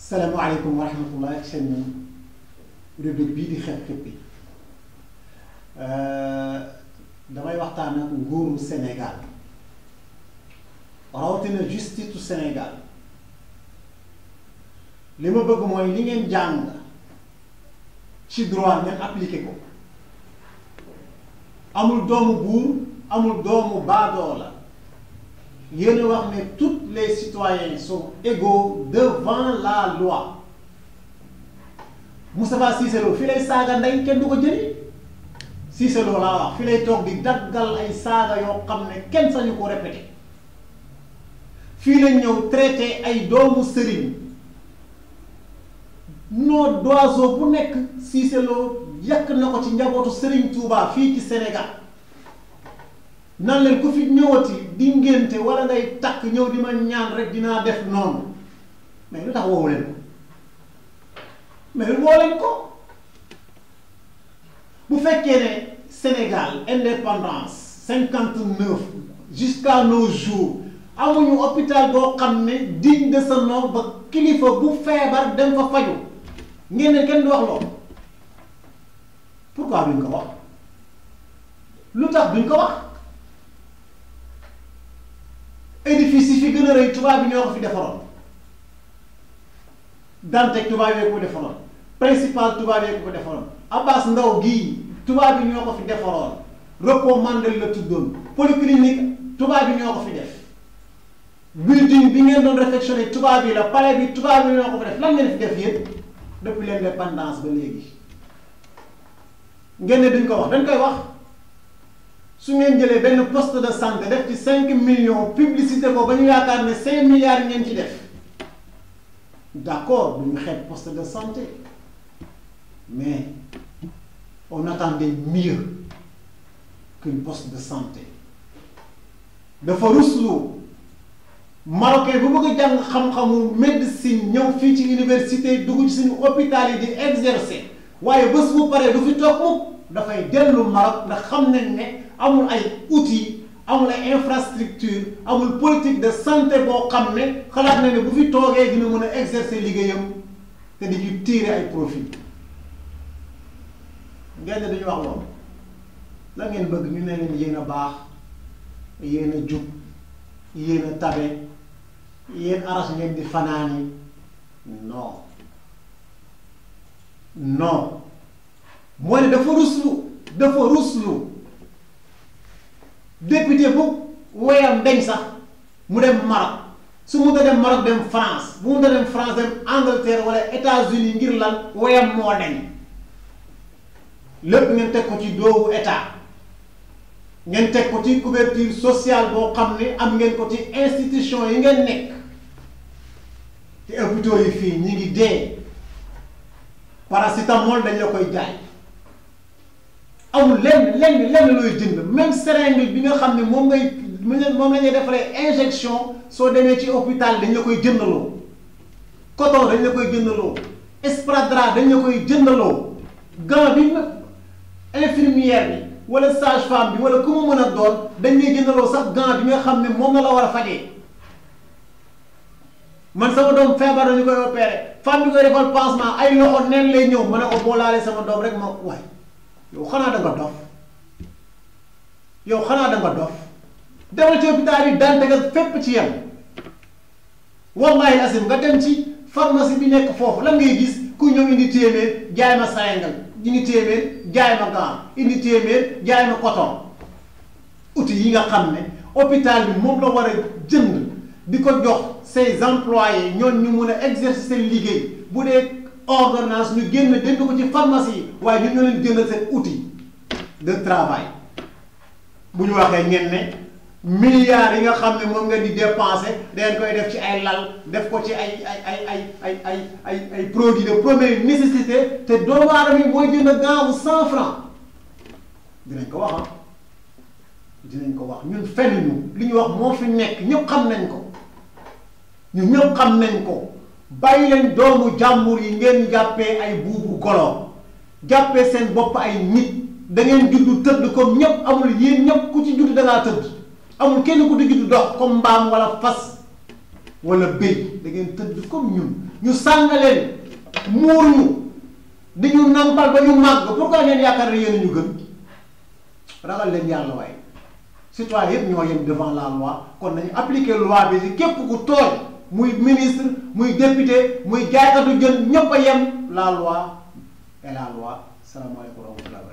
salaamaaleykum wa rahmatullah ak seen rubrique bii di xepp xepp bi euh, damay waxtaan ak nguuru Sénégal rawatina justice u Sénégal li ma bëgg mooy li ngeen jàng ci droit ngeen appliqué ko amul doomu buur amul doomu baadoo la yéen wax ne tous les citoyens sont égaux devant la loi Moustapha Cissé fi lay saaga ndey kenn du ko jëli Cissé Lo laa wax fi lay toog di daggal ay saaga yoo xam ne kenn sañu ko répété fii lañ ñëw traité ay doomu sëriñ nom d'oiseau bu nekk Cissé Lo yàq na ko ci njabootu Sëriñ Touba fii ci Sénégal nan leen ku fi ñëwati di ngénte wala ngay takk ñëw di ma ñaan rek dinaa def noonu mais lu tax woowu leen ko mais woo leen ko bu fekkee ne Sénégal indépendance cinquante neuf jusqu'à nos jours amuñu hôpital boo xam ne di de ce ba kilifa bu feebar dem fa faju ngeen ne kenn du wax loolu pourquoi duñ ko wax lu tax duñ ko wax édifice yi fi gën a rëy tubaab bi ñoo ko fi defaroon Dantec tubaab yee ko fi defaroon principal tubaab yee ko fi defaroon Abbas ndaw gii tubaab yi ñoo ko fi defaroon recommandé la tuddoon polyclinique tubaab yi ñoo ko fi def building bi ngeen doon réfectionné tubaab yi la palais bi tubaab yi ñoo ko fi def lan ngeen fi def yépp depuis l'indépendance ba léegi ngeen ne duñ ko wax dañ koy wax. su ngeen jëlee benn poste de santé def ci cinq millions publicité ko ba ñu yaakaar ne cinq milliards ngeen ci def d'accord du ñu xeeb poste de santé mais on attendait mieux qu'une poste de santé dafa ruslu Marocain bu bëgg a jàng xam-xamu médecine ñëw fii ci université dugg ci suñu hôpital yi di exercer waaye bës bu paree du fi toog dafay dellu Maroc ndax xam ne ne amul ay outils amul ay infrastructure amul politique de santé boo xam ne xalaat na ne bu fi toogee dina mën a exercer liggéeyam te di ñu tirer ay profit ngeen ne wax loolu la ngeen bëgg ñu ne leen yéen a baax yéen a jub yéen a tabe yéen aras ngeen di fanaan yi non non mooy ne dafa ruslu dafa ruslu député bu woyam dañ sax mu dem Maroc su mu ta dem Maroc dem France bu mu ta dem France dem Angleterre wala États-Unis ngir lan woyam moo dañ lépp ngeen teg ko ci doowu état ngeen teg ko ci couverture social boo xam ne am ngeen ko ci institution yi ngeen nekk te hôpitaux yi fii ñi ngi dee mool dañ la koy jaay amul lenn lenn lenn looy jënd même seringue bi nga xam ne moom ngay mu moom la ñuy defaree injection soo demee ci hôpital dañ la koy jëndaloo coton dañ la koy jëndaloo sparadrap dañ koy jëndaloo gant bi infirmière bi wala sage femme bi wala ku mu mën a doon dañ lay jëndaloo sax gant bi nga xam ne moom na la war a fajee man sama doom feebar dañu koy opéré femme bi koy defal pansement ay loxo neen lay ñëw ma ne ko boo sama doom rek ma waay yow xanaa da nga dof yow xanaa da nga dof demal ci hôpital yi daan tegal fépp ci yem wallahi asim nga dem ci pharmacie bi nekk foofu lan ngay gis ku ñëw indi téeméer jaay ma sayangal indi téeméer jaay ma gant indi téeméer jaay ma coton outil yi nga xam ne hôpital bi moom la war a jënd di ko jox ses employés ñoon ñu mun a exercer seen liggéey bu dee ordonnance ñu génn dégg ko ci pharmacie yi waaye ñun ñoo leen jën seen outil de travail bu ñu waxee ngeen ne milliards yi nga xam ne moom nga di dépenser dañ koy def ci ay lal def ko ci ay ay ay ay ay ay ay ay produits de première nécessité te doomu aadama yi mooy jënd gaawu cent franc dinañ ko wax ah dinañ ko wax ñun fenn li ñu wax moo fi nekk ñëpp xam nañ ko ñu ñëpp xam nañ ko. bàyyi leen doomu jàmbur yi ngeen jàppee ay buubu golo jàppee seen bopp ay nit da ngeen juddu tëdd comme ñëpp amul yéen ñëpp ku ci juddu da tëdd amul kenn ku ci juddu dox comme mbaam wala fas wala béy da ngeen tëdd comme ñun ñu sàng leen muur ñu di ñu nampal ba ñu màgg pourquoi ngeen yaakaar ne yéen ñu gën ragal leen yàlla waaye citoyen yëpp ñoo yem devant la loi kon nañu appliquer loi bi si képp ku tooñ. muy ministre muy député muy jaaykatu jën ñëpp a yem la loi et la loi salaamaaleykum wa rahmatulah